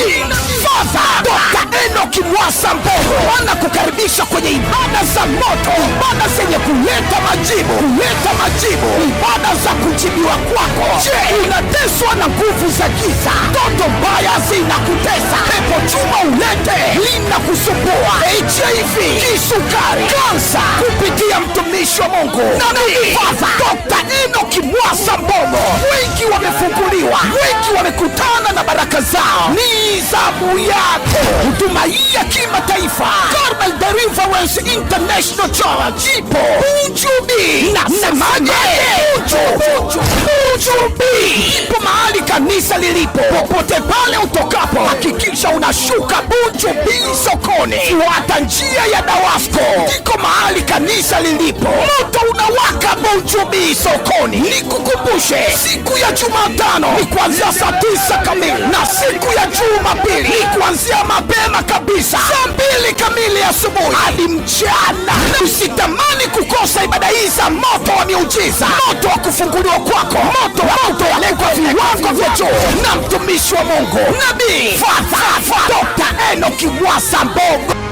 Father Dr. Enoki Mwasa Mpeho, Bwana kukaribisha kwenye ibada za moto, ibada zenye kuleta majibu, kuleta majibu, ibada za kujibiwa kwako. Je, unateswa na nguvu za giza? Toto mbaya zinakutesa, pepo chuma ulete linakusumbua, HIV, kisukari, kansa, kupitia mtumishi wa Mungu nabii Father Dr. Enoki Mwasa Mbogo kufunguliwa. Wengi wamekutana na baraka zao, ni zamu yako ya kimataifa. Carmel Deliverance International Church ipo Ujubi na semaje, ipo mahali kanisa lilipo. Popote pale utokapo, hakikisha unashuka Ujubi sokoni, fuata njia ya Dawasco, iko mahali kanisa lilipo Muto uchubii sokoni. Nikukumbushe, siku ya Jumatano ni kuanzia saa tisa kamili na siku ya Jumapili ni kuanzia mapema kabisa saa mbili kamili asubuhi hadi mchana. Usitamani kukosa ibada hii za moto wa miujiza, moto wa kufunguliwa kwako, moto wa moto kwa viwango vya juu, na mtumishi wa Mungu Nabii Father Dr. Enoki Mwasa Mbogo.